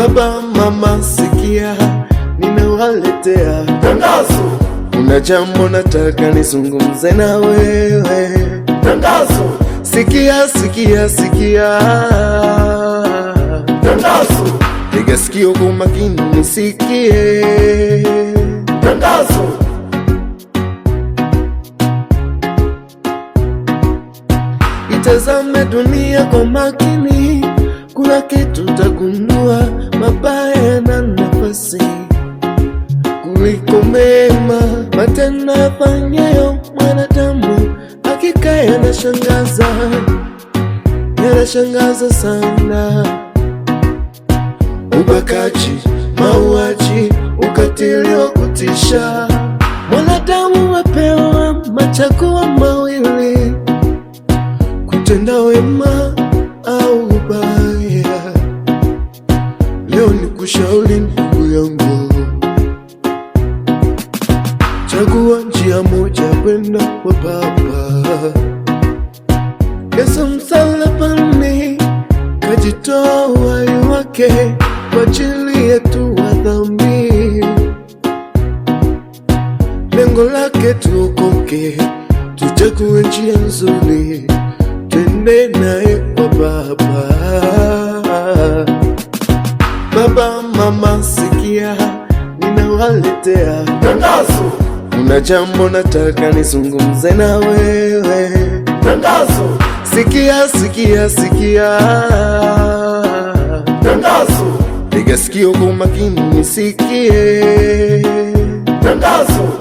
Baba mama, sikia, nimewaletea tangazo. Kuna jambo nataka nizungumze na wewe. Tangazo, sikia, sikia, sikia, tangazo. Tega sikio kwa makini nisikie, tangazo. Itazame dunia kwa makini, kuna kitu utagundua mabaya na nafasi kuliko mema. Matendo yafanyayo mwanadamu hakika yanashangaza, yanashangaza sana: ubakaji, mauaji, ukatili wa kutisha. Mwanadamu wapewa machaguo mawili: kutenda wema au leo ni kushauri ndugu yangu, chagua njia moja kwenda kwa Baba. Yesu msalabani kajitoa uhai wake kwa ajili yetu wa dhambi, lengo lake tuokoke, tuchague njia nzuri, twende naye kwa Baba. Baba mama, sikia ninawaletea tangazo. Kuna jambo nataka nizungumze na wewe. Tangazo, sikia sikia sikia. Tangazo, piga sikio kwa makini nisikie. Tangazo